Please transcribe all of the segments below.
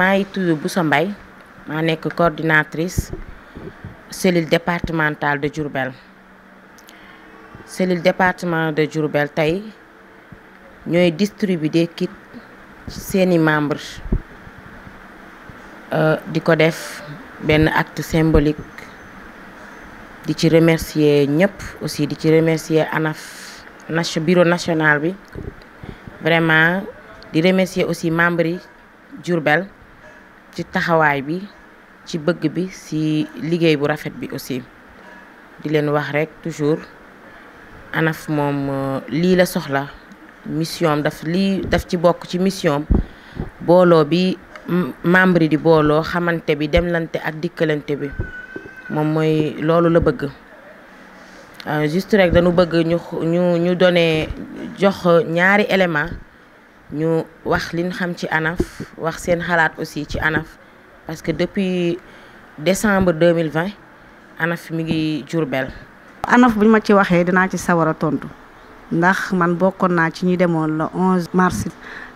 maa ngi tudd Boussa mbay ma nekk coordinatrice cellule départementale de Diourbel cellule département de Diourbel tey ñooy distribu des kits seeni membres euh, di ko def benn acte symbolique di ci remercier ñëpp aussi di ci remercier ANAF nation bureau national bi vraiment di remercier aussi membres yi Diourbel ci taxawaay bi ci bëgg bi si liggéey bu rafet bi aussi di leen wax rek toujours ANAF moom euh, lii la soxla mission daf lii daf ci bokk ci mission booloo bi membre yi di booloo xamante bi demlante ak dikkalante bi moom mooy loolu la bëgg euh, juste rek dañu bëgg ñu ñu ñu jox ñaari élément ñu wax liñ xam ci ANAF wax seen xalaat aussi ci ANAF parce que depuis décembre 2020 ANAF mi ngi Diourbel ANAF buñ ma ci waxee dinaa ci sawar a tontu ndax man bokkoon naa ci ñu demoon le 11 mars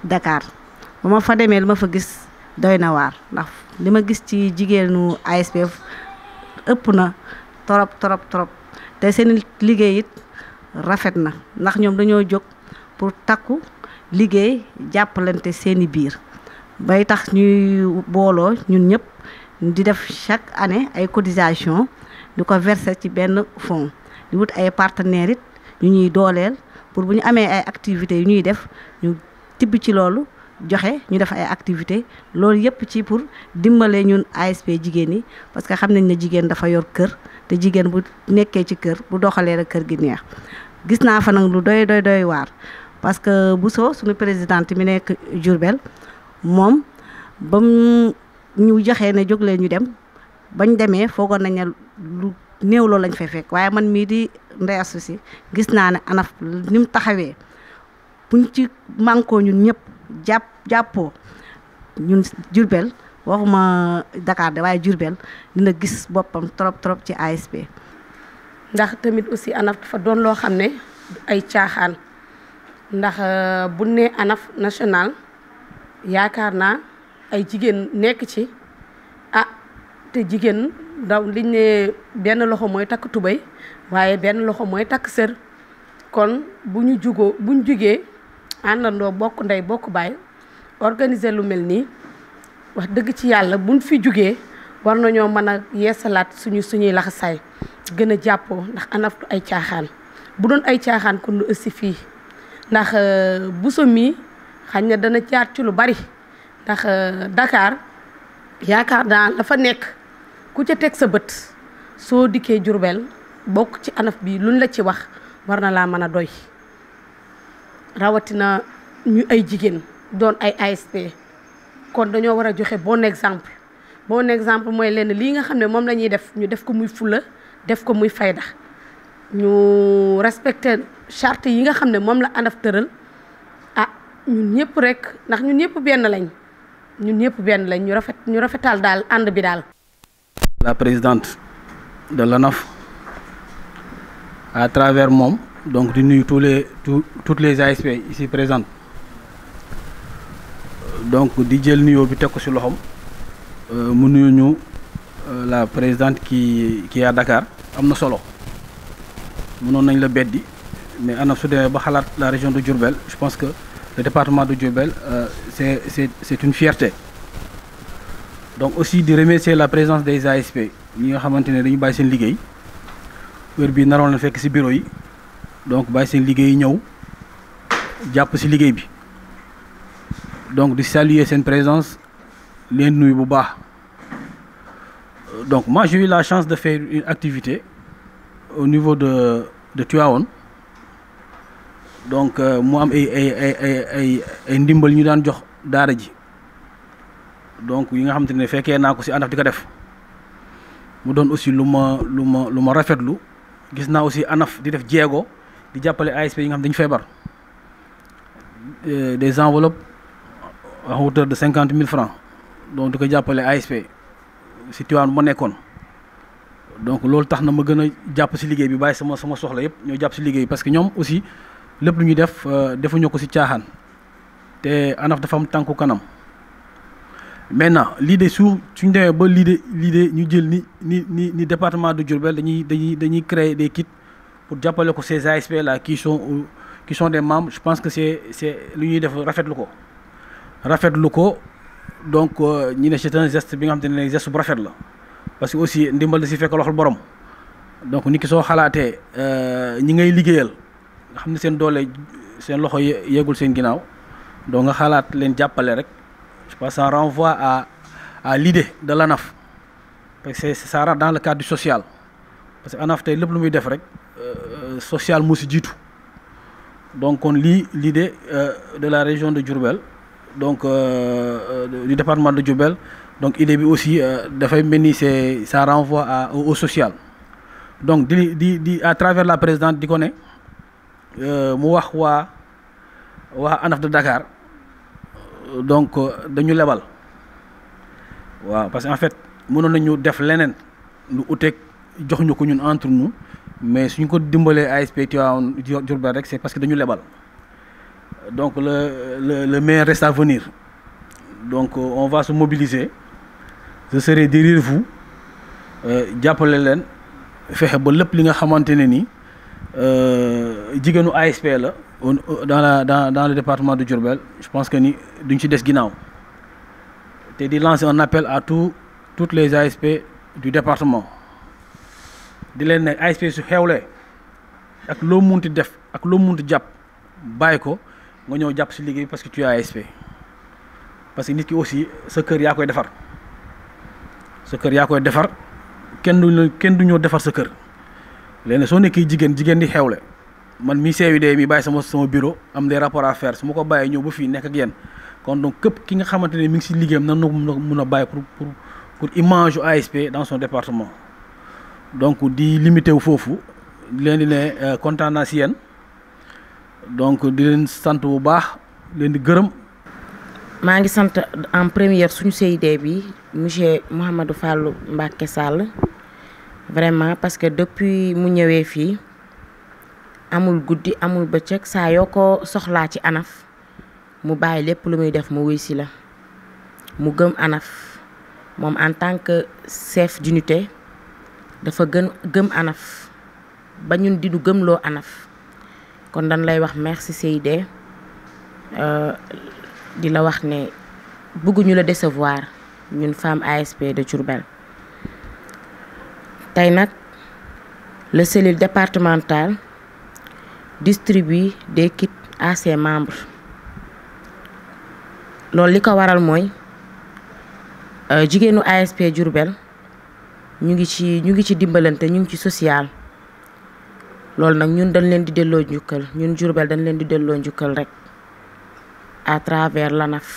dakaar bu ma fa demee li ma fa gis doy na waar ndax li ma gis ci jigéenu ASPF ëpp na torop torop torop te seen liggéey it rafet na ndax ñoom dañoo jóg pour takku liggéey jàppalante seeni biir bay tax ñuy booloo ñun ñëpp di def chaque année ay cotisation di ko verse ci benn fonds di wut ay partenaires it ñu ñuy dooleel pour bu ñu amee ay activités yu ñuy def ñu tibb ci loolu joxe ñu def ay activités loolu yëpp ci pour dimbale ñun ASP jigéen yi parce que xam nañ ne jigéen dafa yor kër te jigéen bu nekkee ci kër bu doxalee rek kër gi neex gis naa fa nag lu doy doy doy waar parce que Bousso suñu présidente mi nekk Diourbel moom ba mu ñu joxee ne jóglee ñu dem bañ demee foogoon nañ ne lu néew lañ fay fekk waaye man mii di ndey associé gis naa ne anaf ni mu taxawee puñ ci mànkoo ñun ñëpp jàpp jàppoo ñun Diourbel waxuma Dakar de waaye Diourbel dina gis boppam trop trop ci ASP. ndax tamit aussi anaf dafa doon loo xam ne ay caaxaan. ndax euh, bu ne ANAF national yaakaar naa ay jigéen nekk ci ah te jigéen daw liñ ne benn loxo mooy takk tubéy waaye benn loxo mooy takk sër kon bu ñu jugoo bu ñu jugee àndandoo bokk ndey bokk baay organiser lu mel nii wax dëgg ci yàlla buñ fi jugee war nañoo mën a yeesalaat suñu suñuy laxasaay gën a jàppoo ndax ANAF ay caaxaan bu doon ay caaxaan kon lu ëssi fii ndax euh, Bousso mii xañ na dana caat ci lu bari ndax euh, dakaar yaakaar naa dafa nekk ku ca teg sa bët soo dikkee Jurbel bokk ci anaf bi luñ la ci wax war na laa mën a doy rawatina ñu ay jigéen doon ay ASP kon dañoo war a joxe bon exemple bon exemple mooy lenn lii nga xam ne moom la ñuy def ñu def ko muy fulla def ko muy fayda ñu respecté charte yi nga xam ne moom la ANAF tëral ah ñun ñëpp rek ndax ñun ñëpp benn lañ ñun ñëpp benn lañ ñu rafet ñu rafetal daal ànd bi daal. la présidente de l'ANAF à travers moom donc di nuyu tous les tout toutes les ASP ici présentes donc di jël nuyoo bi teg ko ci loxoom euh, mu nuyu ñu euh, la présidente kii kii à Dakar am na solo mënoon nañ la beddi. mais ANAM su demee ba xalaat la région de Diourbel je pense que le département de Diourbel euh, c'est c'est c'est une fierté donc aussi di remercier la présence des ASP ñi nga xamante ne dañu bàyyi seen liggéey heure bi naroon na fekk ci bureau yi donc bàyyi seen liggéey ñëw jàpp ci liggéey bi donc di saluer seen présence leen nuy bu baax euh, donc moi j'ai la chance de faire une activité au niveau de de woon donc euh, mu am ay ay ay ay ay ndimbal ñu daan jox daara ji donc yi nga xam te ne fekkee naa ko si ANAF di ko def mu doon aussi lu ma lu ma lu ma rafetlu gis naa aussi ANAF di def jeego di jàppale ASP yi nga xam dañu feebar euh, des enveloppes à hauteur de cinquante mille francs donc di ko jàppale ASP si Tivaouane ma nekkoon donc loolu tax na ma gën a jàpp si liggéey bi bàyyi sama sama soxla yëpp ñoo jàpp si liggéey parce que ñoom aussi. lépp lu ñuy def euh, defuñu ko ci caaxaan te ANAF dafa am tànku kanam maintenant lii de su suñ demee ba lii de lii de ñu jël ni ni ni ni département de Diourbel dañuy dañuy dañuy créer des kits pour jàppale ko ces ASP la qui sont de sont je pense que c'est c'est lu ñuy def rafetlu ko rafetlu ko donc euh, ñi ne c'est un geste bi nga xam ne ne geste bu rafet la parce que aussi ndimbal da si fekk loxol borom donc nit ki soo xalaatee euh, ñi ngay liggéeyal. nga xam ne seen doole seen loxo yeegul seen ginnaaw donc xalaat leen jàppale rek je pense à à l'idée de l'ANAF parce que c'est dans le cadre du social parce que ANAF te lépp lu muy def rek euh, euh, social moo jiitu donc kon lii l'idée euh, de la région de Diourbel donc euh, du département de Diourbel donc idée bi aussi dafay mel ni c'est ça renvoie à au, social donc di di di à travers la président di ko ne Euh, mu wax waa waa ANAF de Dakar donc dañu lebal waaw parce que en fait mënoon nañu def leneen lu uteeg jox ñu ko ñun entre nous mais suñ ko dimbalee ASP Tivaouane Diourbel rek c'est parce que dañu lebal donc le le mais meilleur à venir donc on va se mobiliser je serai derrière vous euh, jàppale leen fexe ba lépp li nga xamante ne nii. Euh, jigéenu ASP la dans la dans dans le département de Diourbel je pense que ni duñ ci des ginnaaw te di lancer un appel à tout toutes les ASP du département di leen ne ASP su xewlee ak loo munti def ak loo munti jàpp bàyyi ko nga ñëw jàpp ci liggéey parce que tu ASP parce que nit ki aussi sa kër yaa koy defar sa kër yaa koy defar kenn duñu kenn duñoo defar sa kër. léegi soo nekkee jigéen jigéen di xewle man mi CUD mi bàyyi sama sama bureau am des rapport à faire ma ko bàyyi ñëw ba fi nekk ak yéen kon donc képp ki nga xamante ne mi ngi si liggéeyam nan la mun a bàyyi pour pour pour image ASP dans son département donc di limité wu foofu leen di ne euh, kontaan naa si yéen donc di leen sant bu baax leen di gërëm. maa ngi sant en première suñu CUD bi monsieur Mouhamadou Fallou Mbacké Sall. vraiment parce que depuis mu ñëwee fii amul guddi amul bëccëg saa yoo ko soxlaa ci anaf mu bàyyi lépp lu muy def mu wuy si la mu gëm anaf moom en tant que chef d'unité dafa gën gëm anaf ba ñun di gëmloo anaf kon dañ lay wax merci Seydi euh, di la wax ne bëgguñu la décevoir ñun femme ASP de Diourbel tey nag le cellule départementale distribue de kit à ses membres loolu li ko waral mooy euh, jigéenu ASP Diourbel ñu ngi ci ñu ngi ci dimbalante ñu ngi ci social loolu nag ñun dañ leen di delloo njukkal ñun Diourbel dañ leen di delloo njukkal rek à travers l'ANAF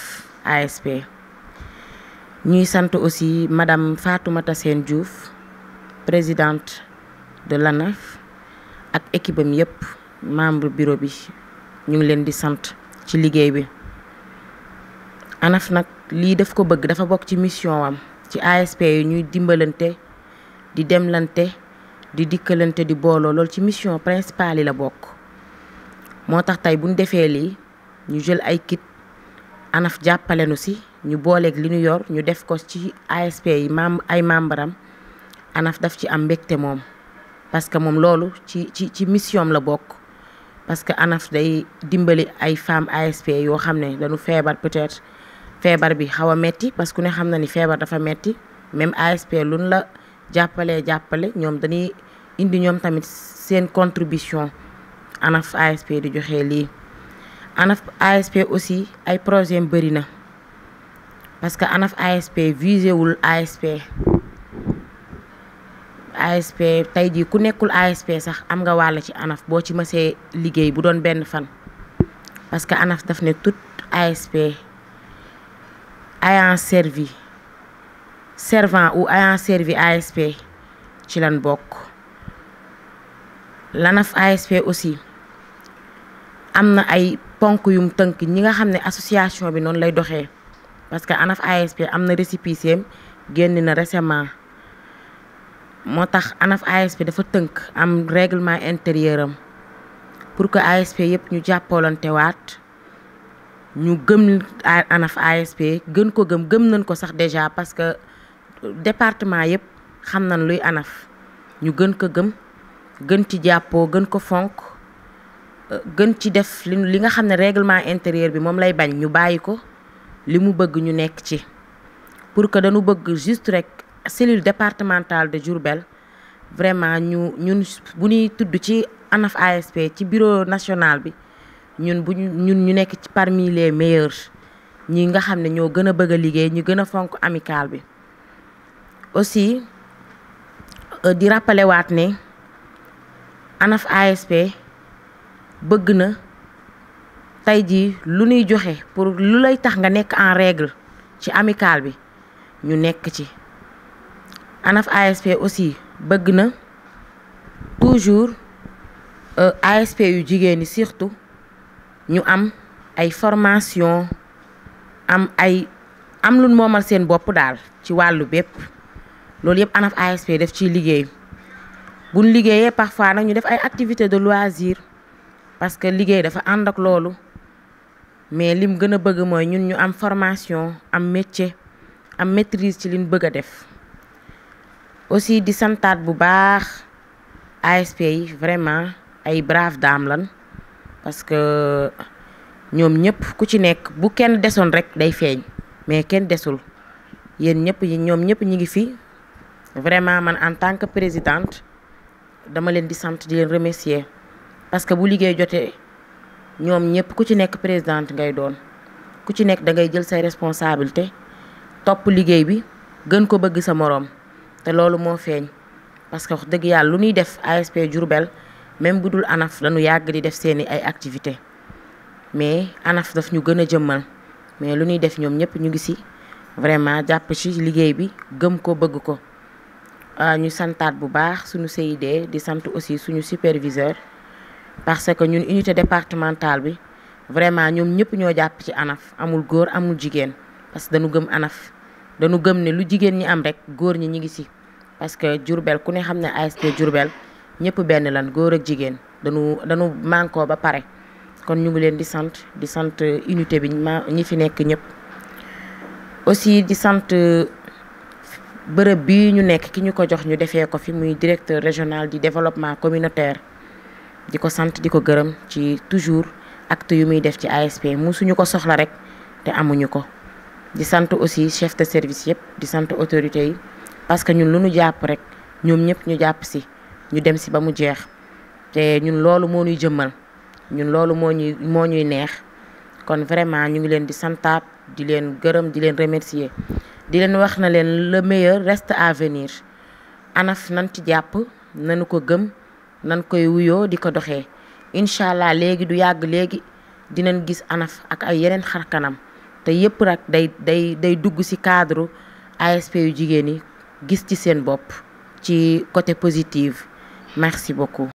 ASP ñuy sant aussi madame Fatoumata seen Diouf présidente de l'ANAF ak équipe am yëpp membre bureau bi ñu ngi leen di sant ci liggéey bi ANAF nag lii daf ko bëgg dafa bokk ci mission am ci ASP yi ñuy dimbalante di demlante di dikkalante di booloo lool ci mission principale yi la bokk moo tax tey buñ defee lii ñu jël ay kit ANAF jàppalenu si ñu booleeg li ñu yor ñu def ko ci ASP yi membre ay membre am ANAF daf ci am mbégte moom parce que moom loolu ci ci ci mission la bokk parce que ANAF day dimbali ay femmes ASP yoo xam ne dañu feebar peut feebar bi xaw a metti parce que ne xam na ni feebar dafa metti même ASP luñ la jàppale jàppale ñoom dañuy indi ñoom tamit seen contribution ANAF ASP di joxe lii ANAF ASP aussi ay projet bëri na parce que ANAF ASP visé wul ASP ASP tey jii ku nekkul ASP sax am nga wàll ci ANAF boo ci mësee liggéey bu doon benn fan parce que ANAF daf ne tout ASP ayant servi servant ou ayant servi ASP ci lan bokk l'ANAF ASP aussi am na ay ponk yum tënk ñi nga xam ne association bi noonu lay doxee parce que ANAF ASP am na récépissé génn na récemment moo tax ANAF ASP dafa tënk am réglement intérieur am pour que ASP yëpp ñu jàppalante waat ñu gëm ANAF ASP gën ko gëm gëm nañ ko sax déjà parce que département yëpp xam nañ luy ANAF ñu gën ko gëm gën ci jàppoo gën ko fonk gën ci def li li nga xam ne réglement intérieur bi moom lay bañ ñu bàyyi ko li mu bëgg ñu nekk ci pour que dañu bëgg juste rek cellule départementale de Diourbel vraiment ñu ñun bu ñuy tudd ci ANAF ASP ci bureau national bi ñun bu ñun ñu nekk ci parmi les meilleurs ñi nga xam ne ñoo gën a bëgg a liggéey ñu gën a fonk amical bi aussi euh, di rappelé ne ANAF ASP bëgg na tey jii lu ñuy joxe pour lu lay tax nga nekk en règle ci amical bi ñu nekk ci ANAF ASP aussi bëgg na toujours euh, ASP yu jigéen ñi surtout ñu am ay formation am ay am lu moomal seen bopp daal ci wàllu bépp loolu yëpp ANAF ASP def ciy liggéey buñ liggéeyee parfois nag ñu def ay activité de loisir parce que liggéey dafa ànd ak loolu mais lim gën a bëgg mooy ñun ñu am formation am métier am maîtrise ci liñ bëgg a def aussi di santaat bu baax ASP yi vraiment ay brave dame lan parce que ñoom ñëpp ku ci nekk bu kenn desoon rek day feeñ mais kenn desul yéen ñëpp ñoom ñëpp ñi ngi fi vraiment man en tant que présidente dama leen di sant di leen remercier parce que bu liggéey jotee ñoom ñëpp ku ci nekk présidente ngay doon ku ci nekk da ngay jël say responsabilité topp liggéey bi gën ko bëgg sa moroom te loolu moo feeñ parce que dëgg yàlla lu ñuy def ASP Diourbel même bu dul ANAF dañu yàgg di def seeni ay activité mais ANAF daf ñu gën a jëmmal mais lu ñuy def ñoom ñëpp ñu ngi si vraiment jàpp ci liggéey bi gëm ko bëgg ko euh, ñu santaat bu baax suñu CID di sant aussi suñu superviseur parce que ñun unité départementale bi vraiment ñoom ñëpp ñoo jàpp ci ANAF amul góor amul jigéen parce que gëm ANAF dañu gëm ne lu jigéen ñi am rek góor ñi ñi ngi si parce que Diourbel ku ne xam ne ASP Diourbel ñëpp benn lan góor ak jigéen dañu dañu mànkoo ba pare kon ñu ngi leen di sant di sant unité bi ma ñi fi nekk ñëpp aussi di sant euh, bërëb bi ñu nekk ki ñu ko jox ñu defee ko fi muy directeur régional di développement communautaire di ko sant di ko gërëm ci toujours acte yu muy def ci ASP mu suñu ko soxla rek te amuñu ko di sant aussi chef de service yëpp di sant autorité yi parce que ñun lu ñu jàpp rek ñoom ñëpp ñu jàpp si ñu dem si ba mu jeex te ñun loolu moo ñuy jëmmal ñun loolu moo ñuy moo ñuy neex kon vraiment ñu ngi leen di santaat di leen gërëm di leen remercier di leen wax na leen le meilleur reste à venir anaf nan ci jàpp nanu ko gëm nan koy wuyoo di ko doxee incha allah léegi du yàgg léegi dinañ gis anaf ak ay yeneen xar kanam te yëpp nag day day day dugg ci cadre ASP yu jigéen yi gis ci seen bopp ci côté positive merci beaucoup